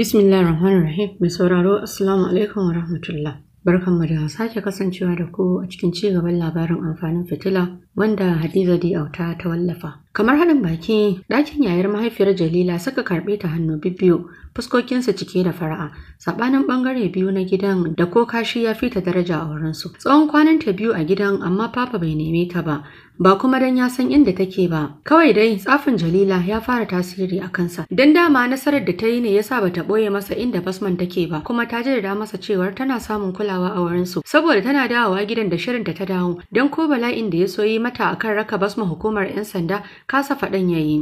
Bismillah Rahman Rahim mai sauraro Assalamu alaikum wa rahmatullah. mu da sake kasancewa da ku a cikin cigaban labarin amfanin fitila wanda Hadiza di Auta ta wallafa. Kamar haɗin baki, ɗakin yayar mahaifiyar Jalila suka karɓe ta hannu bibbiyu, fuskokinsu cike da fara'a, saɓanin ɓangare biyu na gidan da ko kashi ya fita daraja a wurinsu. Tsawon kwanan ta biyu a gidan amma Papa bai neme ta ba, ba kuma dan ya san inda take ba. Kawai dai tsafin Jalila ya fara tasiri a kansa. Dan dama nasarar da ta yi ne yasa bata ɓoye masa inda Basman take ba, kuma ta da masa cewar tana samun kulawa a wurinsu saboda tana dawowa gidan da shirinta ta dawo, dan ko bala'in da ya so yi mata akan raka basma hukumar 'yan sanda kasa faɗan yayi.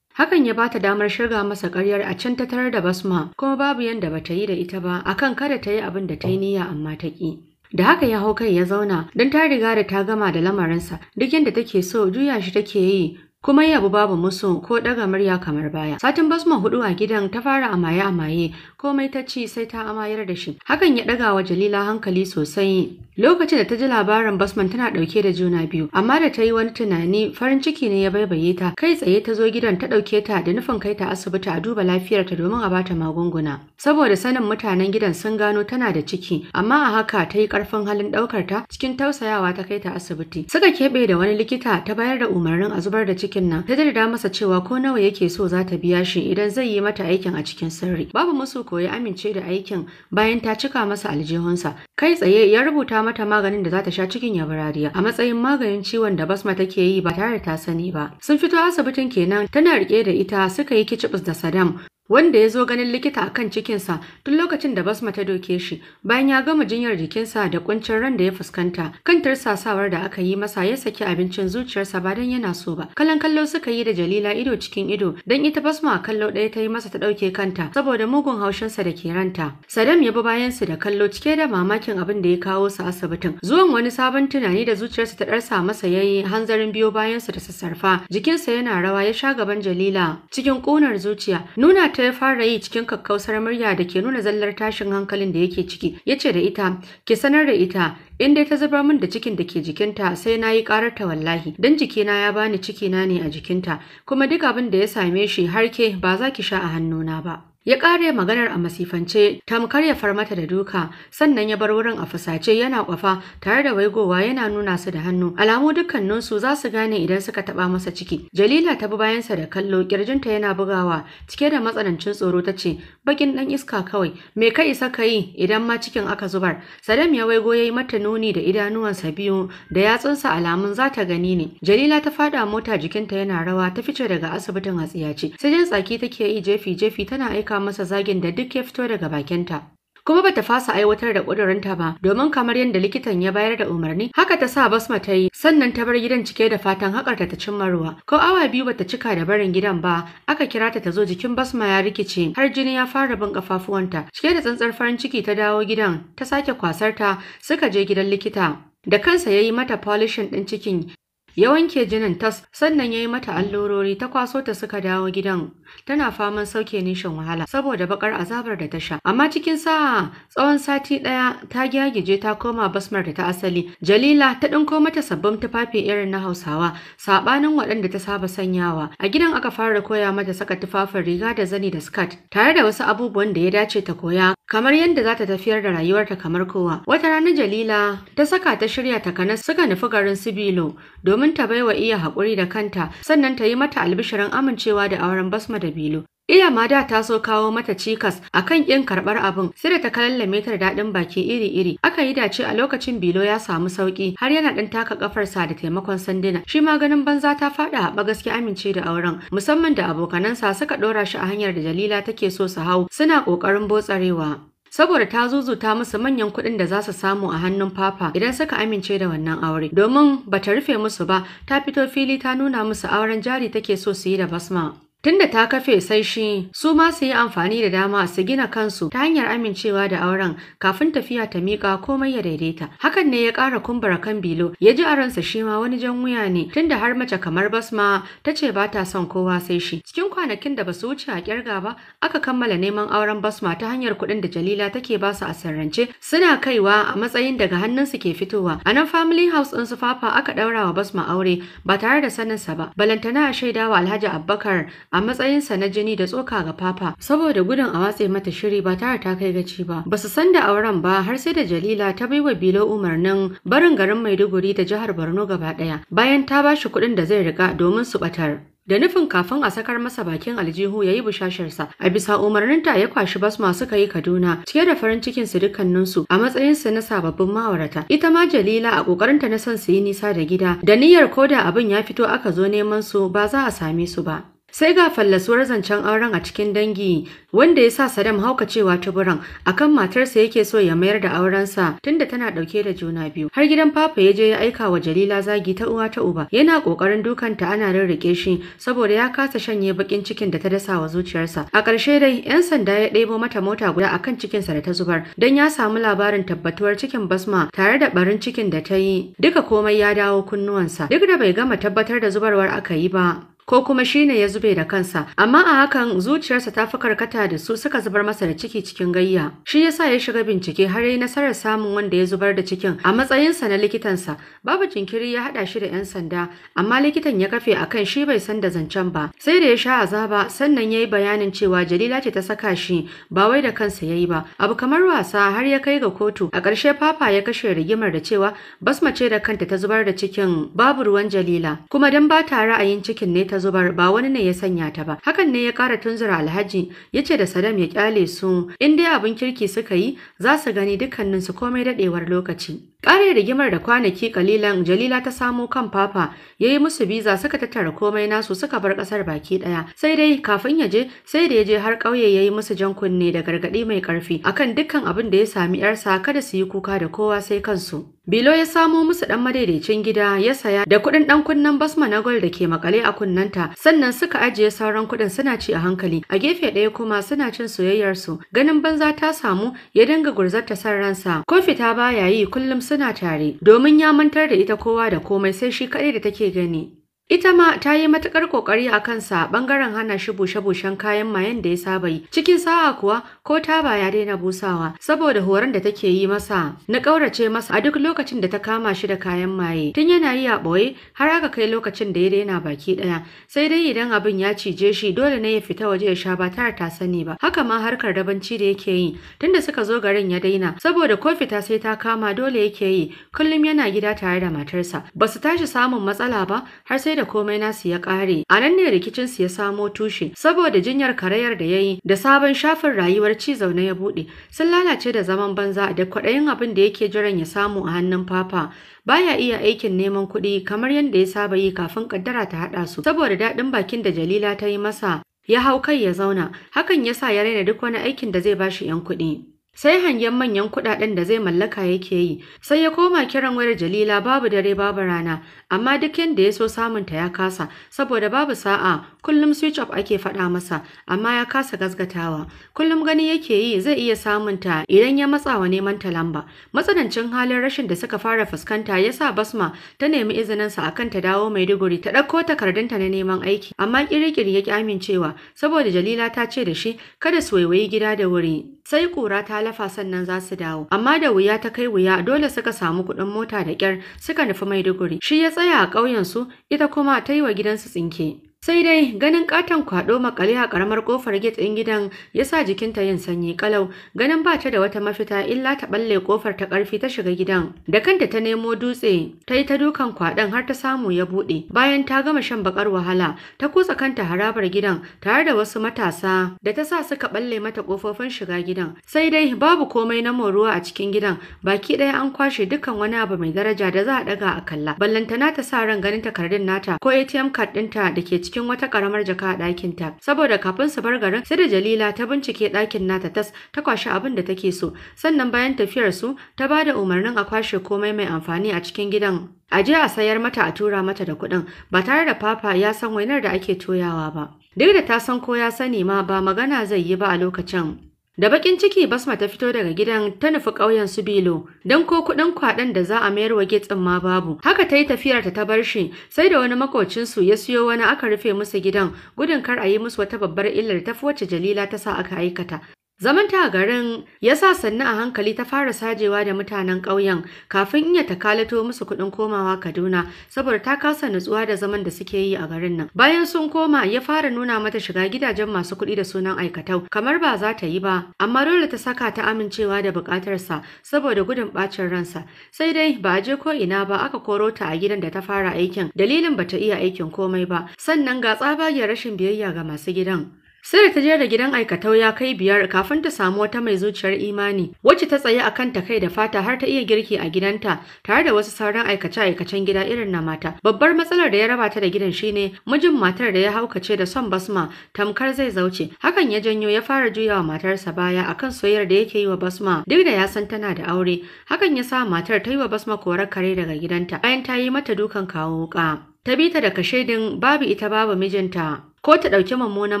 Hakan ya bata damar shirga masa ƙaryar a can ta tarar da basma kuma babu yanda bata yi da ita ba akan kada ta yi abin da ta yi niyya amma ta ƙi. Da haka ya hau kai ya zauna don ta riga da ta gama da lamarinsa duk yanda take so juya shi take yi kuma yabu babu musu ko daga murya kamar baya. Satin basma hudu a gidan ta fara amaye amaye komai ta ci sai ta amayar da shi. Hakan ya ɗaga wa Jalila hankali sosai Lokacin da ta ji labarin Basman tana ɗauke da juna biyu, amma da ta yi wani tunani farin ciki ne ya baibaye ta. Kai tsaye ta zo gidan ta ɗauke ta da nufin kai ta asibiti a duba lafiyarta domin a ba ta magunguna. Saboda sanin mutanen gidan sun gano tana da ciki, amma a haka ta yi ƙarfin halin ɗaukar ta cikin tausayawa ta kai ta asibiti. Suka keɓe da wani likita ta bayar da umarnin a zubar da cikin nan. Ta jaddada masa cewa ko nawa yake so za ta biya shi idan zai yi mata aikin a cikin sirri. Babu musu ya amince da aikin bayan ta cika masa aljihunsa Kai tsaye ya rubuta mata maganin da za ta sha cikin ya barariya a matsayin maganin ciwon da basma take yi ba tare da ta sani ba. Sun fito asibitin kenan tana rike da ita suka yi kicibis da sadam wanda ya zo ganin likita a kan cikinsa tun lokacin da basma ta doke shi bayan ya gama jinyar jikinsa da kuncin ran da ya fuskanta kan tarsasawar da aka yi masa ya saki abincin zuciyarsa ba don yana so ba kallon kallo suka yi da jalila ido cikin ido don ita basma kallo ɗaya ta yi masa ta ɗauke kanta saboda mugun haushinsa da ke ranta sadam ya bi bayansu da kallo cike da mamakin abin da ya kawo su asibitin zuwan wani sabon tunani da zuciyarsa ta ɗarsa masa ya yi hanzarin biyo bayan bayansa da sassarfa jikinsa yana rawa ya sha gaban jalila cikin ƙunar zuciya nuna ta ya fara yi cikin kakkausar murya da ke nuna zallar tashin hankalin da yake ciki ya ce da ita ki sanar da ita in dai ta zubar min da cikin da ke jikinta sai na yi ta wallahi don jikina ya bani cikina ne a jikinta kuma duk abin da ya same shi har ke ba za ki sha a hannuna ba Ya kare maganar a masifance, tamkar ya far mata da duka, sannan ya bar wurin a fasace yana kwafa tare da waigowa yana nuna su da hannu. Alamu dukkaninsu za su gane idan suka taɓa masa ciki. Jalila ta bi bayansa da kallo, ƙirjinta yana bugawa, cike da matsanancin tsoro ta ce, bakin ɗan iska kawai, me ka isa ka idan ma cikin aka zubar. Sadam ya waigo yayi mata nuni da idanuwansa biyu da yatsunsa alamun za ta gani ne. Jalila ta fada mota jikinta yana rawa ta fice daga asibitin a tsiyace. Sai jin tsaki take yi jefi-jefi tana aika masa zagin da duk ya fito daga bakinta. Kuma bata fasa aiwatar da ƙudurinta ba, domin kamar yadda likitan ya bayar da umarni, haka ta sa basma ta yi, sannan ta bar gidan cike da fatan haƙarta ta cimma ruwa. Ko awa biyu bata cika da barin gidan ba, aka kira ta ta zo jikin basma ya rikice, har jini ya fara bin ƙafafuwanta. Cike da tsantsar farin ciki ta dawo gidan, ta sake kwasar ta, suka je gidan likita. da kansa ya yi mata polishin ɗin cikin ya wanke jinin tas sannan ya yi mata allurori ta kwaso ta suka dawo gidan tana faman sauke nishin wahala saboda bakar azabar da ta sha amma cikin sa'a tsawon sati ɗaya ta gyagije ta koma basmar da ta asali jalila ta ɗinko mata sabbin tufafi irin na hausawa saɓanin waɗanda ta saba sanyawa a gidan aka fara koya mata saka tufafin riga da zani da skat tare da wasu abubuwan da ya dace ta koya kamar yadda za ta tafiyar da rayuwarta kamar kowa. Wata rana Jalila ta saka ta shirya takanas suka nufi garin Sibilo domin ta baiwa iya haƙuri da kanta sannan ta yi mata albishirin amincewa da auren Basma da Bilo. Iya ma da ta so kawo mata cikas a kan ƙin karɓar abin sai da ta kallame ta da dadin baki iri-iri. Aka yi dace a lokacin Bilo ya samu sauƙi, har yana ɗan taka ƙafarsa da taimakon sanduna. Shi ma ganin banza ta fada ba gaskiya amince da auren musamman da abokanansa suka dora shi a hanyar da Jalila take so su hau suna ƙoƙarin botsarewa. saboda ta zuzuta musu manyan kuɗin da za su samu a hannun Papa idan suka amince da wannan aure. Domin ba ta rufe musu ba, ta fito fili ta nuna musu auren jari take so su yi da Basma. Tunda ta kafe sai shi su ma su yi amfani da dama su gina kansu ta hanyar amincewa da auren kafin tafiya ta miƙa komai ya daidaita. Hakan ne ya ƙara kumbura kan bilo ya ji a ransa shi ma wani jan wuya ne tunda har mace kamar basma ta ce ba ta son kowa sai shi. Cikin kwanakin da ba su wuce a ƙirga ba aka kammala neman auren basma ta hanyar kuɗin da Jalila take ba su a sirrance suna kaiwa a matsayin daga hannunsu ke fitowa. A nan family house din su fafa aka ɗaura wa basma aure ba tare da saninsa ba. Balantana a shaidawa Alhaji Abubakar a matsayinsa na jini da tsoka ga Papa saboda gudun a watse mata shiri ba tare ta kai gaci ba. Ba su san da auren ba har sai da Jalila ta bai wa Bilo umarnin barin garin Maiduguri da jihar Borno gaba ɗaya bayan ta ba shi kuɗin da zai riƙa domin su batar, da nufin kafin a sakar masa bakin aljihu yayi yi bushasharsa a bisa umarninta ya kwashi bas masu kai kaduna cike da farin cikin su dukkaninsu a matsayinsu na sababbin ma'aurata ita ma jalila a kokarinta na son su yi nisa da gida da niyyar koda abin ya fito aka zo neman su ba za a same su ba Sai ga fallasuwar zancen auren a cikin dangi wanda ya sa Sadam haukacewa tuburan akan matarsa yake so ya mayar da aurensa tunda tana dauke da juna biyu. Har gidan Papa ya je ya aika wa Jalila zagi ta uwa ta uba. Yana kokarin dukanta ana rirrike shi saboda ya kasa shanye bakin cikin da ta dasa wa zuciyarsa. A ƙarshe dai yan sanda ya ɗebo mata mota guda akan cikinsa da ta zubar don ya samu labarin tabbatuwar cikin basma tare da barin cikin da ta yi. Duka komai ya dawo kunnuwansa duk da bai gama tabbatar da zubarwar aka yi ba. ko kuma shine ya zube da kansa amma a hakan zuciyarsa ta fi karkata da su suka zubar masa da ciki cikin gayya shi yasa ya shiga bincike har yayi nasarar samun wanda ya zubar da cikin a matsayinsa na likitansa babu jinkiri ya haɗa shi da yan sanda amma likitan ya kafe akan shi bai san da zancen ba sai da ya sha azaba sannan yayi bayanin cewa Jalila ce ta saka shi ba wai da kansa yayi ba abu kamar wasa har ya kai ga kotu a ƙarshe papa ya kashe rigimar da cewa basma ce da kanta ta zubar da cikin babu ruwan Jalila kuma dan ba ta ra'ayin cikin ne ta zubar ba wani ne ya sanya ta ba hakan ne ya ƙara tunzura alhaji ya ce da sadam ya kyale su in dai abin kirki suka yi za su gani dukkaninsu komai daɗewar lokaci Ƙare rigimar da kwanaki ƙalilan, Jalila ta samo kan Papa ya yi musu biza suka tattara komai nasu suka bar ƙasar baki ɗaya. Sai dai kafin ya je sai da ya je har ƙauye ya yi musu jan kunne da gargaɗi mai ƙarfi akan dukkan abin da ya sami ‘yarsa kada su yi kuka da kowa sai kansu. Bilo ya samo musu ɗan madaidaicin gida ya saya da kuɗin ɗan kunnen basma na da ke makale a kunnanta sannan suka ajiye sauran kuɗin suna ci a hankali a gefe ɗaya kuma suna cin soyayyarsu ganin banza ta samu ya dinga gurzarta san ransa ko fita baya yi kullum suna tare domin ya mantar da ita kowa da komai sai shi kaɗai da take gani. Ita ma ta yi matuƙar ƙoƙari a kansa ɓangaren hana shi bushe-bushen kayan mayen da ya saba yi. Cikin sa'a kuwa ko taba ya daina busawa saboda horon da take yi masa na ƙaurace masa a duk lokacin da ta kama shi da kayan maye tun yana yi a ɓoye har aka kai lokacin da ya daina baki ɗaya sai dai idan abin ya cije shi dole ne ya fita waje ya sha ba tare ta sani ba haka ma harkar dabanci da yake yi tunda suka zo garin ya daina saboda ko fita sai ta kama dole yake yi kullum yana gida tare da matarsa ba su tashi samun matsala ba har sai da komai nasu ya ƙare a nan ne rikicin su ya samo tushe saboda jinyar karayar da ya yi da sabon shafin rayuwar ci zaune ya buɗe sun lalace da zaman banza da kwaɗayin abin da yake jiran ya samu a hannun papa baya iya aikin neman kuɗi kamar yadda ya saba yi kafin ƙaddara ta haɗa su saboda daɗin bakin da Jalila ta yi masa ya hau kai ya zauna hakan yasa ya raina duk wani aikin da zai bashi 'yan kuɗi. sai hangen manyan kuɗaɗen da zai mallaka yake yi sai ya koma kiran wayar Jalila babu dare babu rana amma duk yanda ya so samunta ya kasa saboda babu sa'a kullum switch off ake faɗa masa amma ya kasa gasgatawa kullum gani yake yi zai iya samunta idan ya matsawa neman ta lamba matsanancin halin rashin da suka fara fuskanta ya sa Basma ta nemi izininsa akan ta dawo Maiduguri ta ɗauko takardunta na neman aiki amma kirikiri ya ki amincewa saboda Jalila ta ce da shi kada su waiwayi gida da wuri sai kura ta lafa sannan za su dawo amma da wuya ta kai wuya dole suka samu kuɗin mota da kyar suka nufi maiduguri shi ya tsaya a ƙauyen su ita kuma ta yi wa gidansu tsinke Sai dai ganin katon kwado makale a karamar kofar gate gidan ya sa jikinta yin sanyi kalau ganin ba ta da wata mafita illa ta balle kofar ta karfi ta shiga gidan da kanta ta nemo dutse ta yi ta dukan kwadon har ta samu ya buɗe bayan ta gama shan bakar wahala ta kusa kanta harabar gidan tare da wasu matasa da ta sa suka balle mata kofofin shiga gidan sai dai babu komai na moruwa a cikin gidan baki ɗaya an kwashe dukkan wani abu mai daraja da za a daga a kalla ballantana ta sa ran ganin takardun nata ko ATM card ɗinta da ke cikin wata karamar jaka a ɗakin ta saboda kafin su bar garin sai da Jalila ta bincike ɗakin nata tas ta kwashi abin da take so sannan bayan tafiyar su ta bada umarnin a kwashe komai mai amfani a cikin gidan a je a sayar mata a tura mata da kuɗin ba tare da papa ya san wainar da ake toyawa ba duk da ta san ko ya sani ma ba magana zai yi ba a lokacin Da bakin ciki Basma ta fito daga gidan ta nufi ƙauyen su Bilo, don ko kuɗin kwaɗan da za a mayar wa gitsin ma babu. Haka ta yi tafiyar ta bar shi, sai da wani makocin su ya siyo wani aka rufe musu gidan, gudun kar a yi musu wata babbar illar tafi wacce Jalila ta sa aka aikata. Zamanta a garin ya sa sannu a hankali ta fara sajewa da mutanen ƙauyen kafin iya ta kalato musu kuɗin komawa Kaduna saboda ta kasa nutsuwa da zaman da suke yi a garin nan. Bayan sun koma ya fara nuna mata shiga gidajen masu kuɗi da sunan aikatau kamar ba za ta yi ba amma dole ta saka ta amincewa da buƙatarsa saboda gudun ɓacin ransa. Sai dai ba a je ko ina ba aka koro ta a gidan da ta fara aikin dalilin ba ta iya aikin komai ba sannan ga tsabagen rashin biyayya ga masu gidan. Sai da ta je da gidan aikatau ya kai biyar kafin ta samu wata mai zuciyar imani wacce ta tsaye akan ta kai da fata har ta iya girki a gidanta tare da wasu sauran aikace-aikacen gida irin na mata. Babbar matsalar da ya raba ta da gidan shine mijin matar da ya haukace da son basma tamkar zai zauce. Hakan ya janyo ya fara juya wa matarsa baya akan soyayyar da yake yi wa basma duk da ya san tana da aure. Hakan ya sa matar ta yi wa basma korar kare daga gidanta bayan ta yi mata dukan kawo wuka. Ta bi ta da kashedin babu ita babu mijinta. ko ta ɗauki mummunan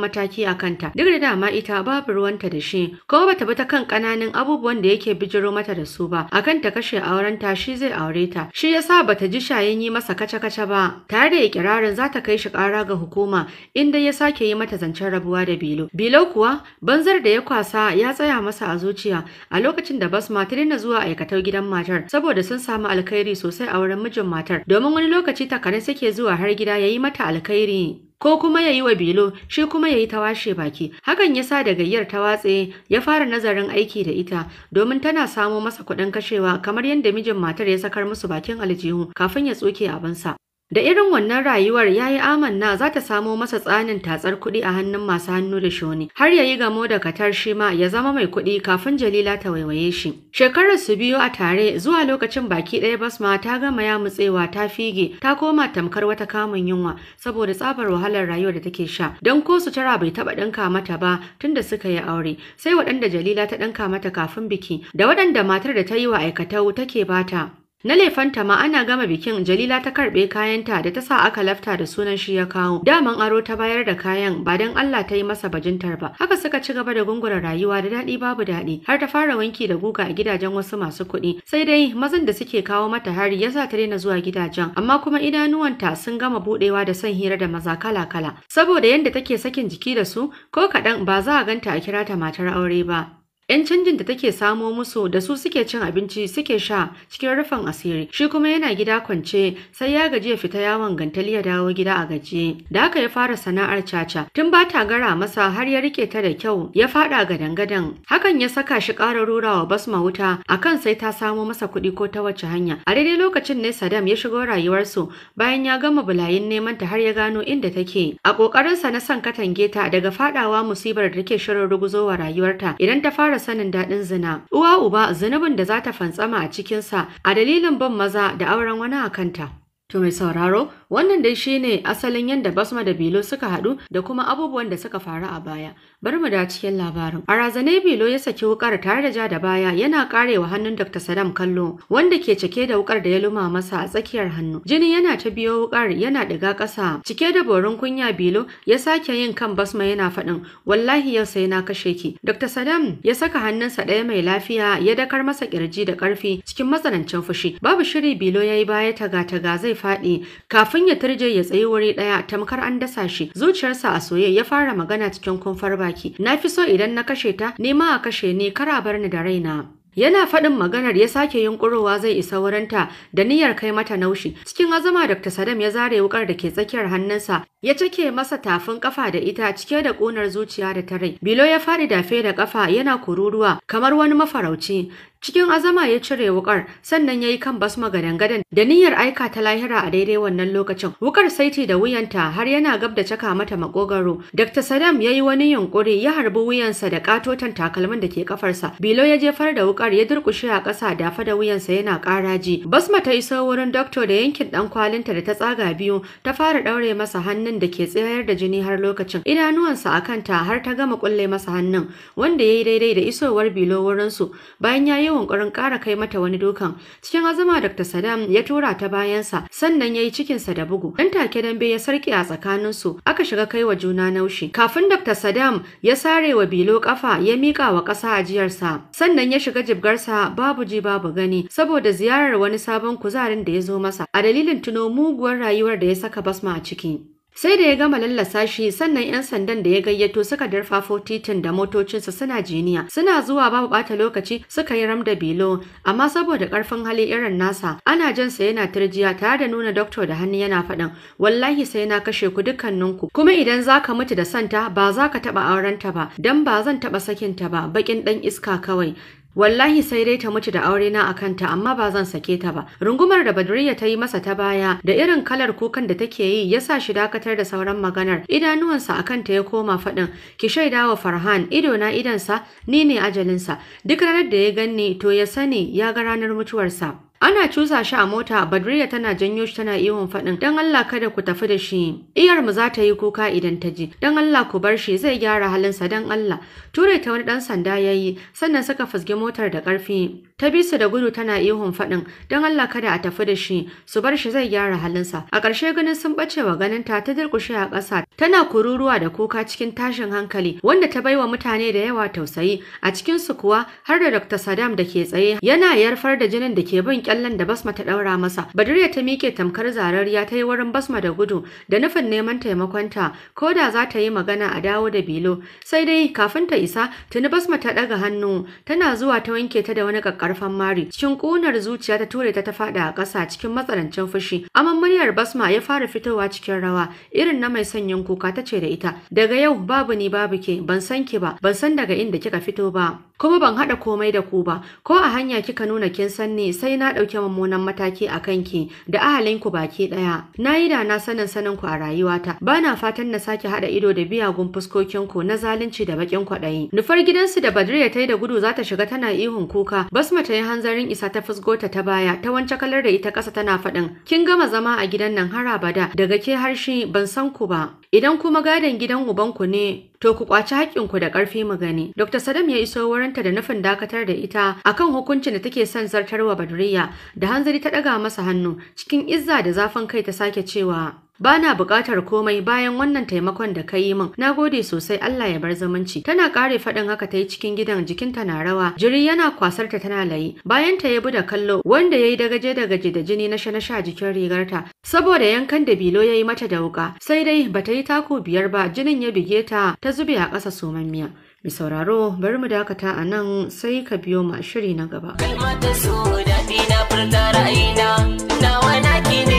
mataki a kanta duk da dama ita babu ruwanta da shi ko bata bi ta kan ƙananan abubuwan da yake bijiro mata da su ba akan ta kashe aurenta shi zai aure ta shi yasa bata ji shayin yi masa kace-kace ba tare da ikirarin za ta kai shi kara ga hukuma inda ya sake yi mata zancen rabuwa da bilo bilo kuwa banzar da ya kwasa ya tsaya masa a zuciya a lokacin da basma ta daina zuwa aikatau gidan matar saboda sun samu alkhairi sosai a wurin mijin matar domin wani lokaci ta kare sake zuwa har gida ya yi mata alkhairi ko kuma ya yi wa Belo shi kuma ya yi ta washe baki hakan ya sa da gayyar ta watse ya fara nazarin aiki da ita domin tana samo masa kuɗin kashewa kamar yadda mijin matar ya sakar musu bakin aljihu kafin ya tsoke abinsa Da irin wannan rayuwar ya yi amanna za ta samo masa tsanin tatsar kuɗi a hannun masu hannu da shoni, har ya yi gamo da katar shi ma ya zama mai kuɗi kafin Jalila ta waiwaye shi. Shekarar su biyu a tare zuwa lokacin baki ɗaya bas ma ta gama ya mutsewa ta fige ta koma tamkar wata kamun yunwa saboda tsabar wahalar rayuwar da take sha. Don ko su tara bai taɓa ɗinka mata ba tunda suka yi aure, sai waɗanda Jalila ta ɗinka mata kafin biki da waɗanda matar da ta yi wa aikatau take bata. Na lefanta ma ana gama bikin Jalila ta karbe kayanta da ta sa aka lafta da sunan shi ya kawo. Daman aro ta bayar da kayan ba dan Allah ta yi masa bajintar ba. Haka suka ci gaba da gungura rayuwa da daɗi babu daɗi har ta fara wanki da guga a gidajen wasu masu kuɗi. Sai dai mazan da suke kawo mata hari yasa ta daina zuwa gidajen amma kuma idanuwanta sun gama buɗewa da son hira da maza kala-kala. Saboda yadda take sakin jiki da su ko kaɗan ba za a ganta a kira ta matar aure ba. 'yan canjin da take samo musu da su suke cin abinci suke sha cikin rufin asiri shi kuma yana gida kwance sai ya gaji ya fita yawon gantali ya dawo gida a gaji da haka ya fara sana'ar caca tun ba ta gara masa har ya rike ta da kyau ya fada gadan-gadan hakan ya saka shi ƙara rurawa basma wuta akan sai ta samo masa kuɗi ko ta wacce hanya a daidai lokacin ne sadam ya shigo rayuwarsu bayan ya gama bulayin neman ta har ya gano inda take a ƙoƙarinsa na son katange ta daga fadawa musibar da take shirin ruguzowa rayuwarta idan ta fara ƙara sanin daɗin zina. Uwa uba zunubin da za ta fantsama a cikinsa a dalilin ban maza da auren wani a kanta. To mai sauraro, wannan dai shine asalin yadda Basma da Bilo suka haɗu da kuma abubuwan da suka faru a baya. Bari mu da cikin labarin. A razane Bilo ya saki wukar tare da ja da baya yana karewa hannun Dr. Saddam kallo wanda ke cike da wukar da ya luma masa a tsakiyar hannu. Jini yana ta biyo wukar yana ɗiga ƙasa. Cike da borin kunya Bilo ya sake yin kan Basma yana faɗin wallahi yau sai na kashe ki. Dr. Saddam ya saka hannunsa ɗaya mai lafiya ya dakar masa ƙirji da ƙarfi cikin matsanancin fushi. Babu shiri Bilo ya yi baya taga-taga zai faɗi kafin ya turje ya tsayi wuri ɗaya tamkar an dasa shi zuciyarsa a soye ya fara magana cikin kumfar baki na fi so idan na kashe ta nema a kashe ni kara bar ni da raina Yana faɗin maganar ya sake yunkurowa zai isa wurinta da niyyar kai mata naushi. Cikin azama Dr. Sadam ya zare wukar da ke tsakiyar hannunsa, ya cike masa tafin kafa da ita cike da ƙonar zuciya da ta rai. Bilo ya faɗi dafe da kafa yana kururuwa kamar wani mafarauci. Cikin azama ya cire wukar sannan ya yi kan basma gadan-gadan da niyyar aika ta lahira a daidai wannan lokacin. Wukar saiti da wuyanta har yana gab da caka mata makogaro. Dr. sadam ya yi wani yunkuri ya harbi wuyansa da katotan takalmin da ke kafarsa. Bilo ya jefar da wukar ya durkushe a ƙasa dafa da wuyansa yana ƙaraji. Basma ta iso wurin doctor da yankin dan kwalinta da ta tsaga biyu ta fara daure masa hannun da ke tsayar da jini har lokacin. Idanuwansa a kanta har ta gama kulle masa hannun wanda ya yi daidai da isowar bilo wurinsu bayan ya yi yunkurin ƙara kai mata wani dukan. Cikin azama Dr. Saddam ya tura ta bayansa sannan ya yi cikinsa da bugu. Dan take dambe ya sarki a tsakaninsu aka shiga kai wa juna naushi. Kafin Dr. Saddam ya sare wa bilo ƙafa ya miƙa wa ƙasa ajiyarsa sannan ya shiga jibgarsa babu ji babu gani saboda ziyarar wani sabon kuzarin da ya zo masa a dalilin tuno muguwar rayuwar da ya saka basma a ciki. Sai da ya gama lallasa shi sannan 'yan sandan da ya gayyato suka darfafo titin da motocinsa suna jiniya. Suna zuwa babu bata lokaci suka yi ram da bilo, amma saboda ƙarfin hali irin nasa, ana jan sa yana turjiya tare da nuna doktor da hannu yana faɗin, wallahi sai na kashe ku dukkaninku. Kuma idan za ka mutu da santa ba za ka taɓa ta ba, don ba zan taɓa ta ba, baƙin ɗan iska kawai. wallahi sai dai ta mutu da aure na akan ta amma ba zan sake ta ba rungumar da badriya ta yi masa ta baya da irin kalar kukan da take yi ya sa shi dakatar da sauran maganar idanuwansa akan ta ya koma faɗin ki shaida wa farhan ido na idansa ni ne ajalinsa duk ranar da ya ganni to ya sani ya ga ranar mutuwarsa Ana cusa shi a mota, Badriya tana janyo shi tana ihun faɗin, "Dan Allah kada ku tafi da shi." Iyarmu mu za ta yi kuka idan ta ji, "Dan Allah ku bar shi, zai gyara halinsa dan Allah." Ture ta wani dan sanda yayi, sannan suka fusge motar da ƙarfi. Ta bi su da gudu tana ihun faɗin, "Dan Allah kada a tafi da shi, su bar shi zai gyara halinsa." A ƙarshe ganin sun bace wa ganin ta ta durƙushe a ƙasa, tana kururuwa da kuka cikin tashin hankali, wanda ta baiwa mutane da yawa tausayi. A cikin su kuwa har da Dr. Saddam da ke tsaye, yana yarfar da jinin da ke bin kyallen da Basma ta daura masa. Badriya ta mike tamkar zarariya ta yi wurin Basma da gudu da nufin neman taimakonta ko da za ta yi magana a dawo da bilo. Sai dai kafin ta isa tuni Basma ta ɗaga hannu tana zuwa ta wanke ta da wani kakkarfan mari. Cikin kunar zuciya ta ture ta ta faɗi a ƙasa cikin matsanancin fushi. Amman muryar Basma ya fara fitowa cikin rawa irin na mai sanyin kuka ta ce da ita daga yau babu ni babu ke ban san ki ba ban san daga inda kika fito ba. kuma ban haɗa komai da ku ba ko a hanya kika nuna kin san ne sai na ɗauki mummunan mataki a kanki da ahalinku baki ɗaya na yi da na sanin sanin ku a rayuwata ba na fatan na sake haɗa ido da biyagun fuskokin ku na zalunci da baƙin kwaɗayi nufar gidansu da badriya ta yi da gudu za ta shiga tana ihun kuka basma ta yi hanzarin isa ta fusgota ta baya ta wance kalar da ita kasa tana faɗin kin gama zama a gidan nan har abada daga ke harshe ban san ku ba idan kuma gadon gidan ubanku ne To ku kwaci haƙƙinku da ƙarfi mu gani. Dr. Sadam ya iso wurinta da nufin dakatar da ita akan hukuncin da take son zartarwa Badriya da hanzari ta ɗaga masa hannu cikin izza da zafin kai ta sake cewa bana na buƙatar komai bayan wannan taimakon da ka yi min. Na gode sosai Allah ya bar zamanci. Tana ƙare faɗin haka ta yi cikin gidan jikinta na rawa. Jiri yana kwasar ta tana layi. Bayan ta ya bu da kallo wanda ya yi dagaje dagaje da jini na shana sha jikin rigarta. Saboda yankan da bilo ya yi mata da wuƙa. Sai dai ba ta yi taku biyar ba jinin ya bige ta ta zube a ƙasa somammiya. Mai sauraro bari mu dakata a nan sai ka biyo ma shiri na gaba. Kalmar su na furta nawa na ne.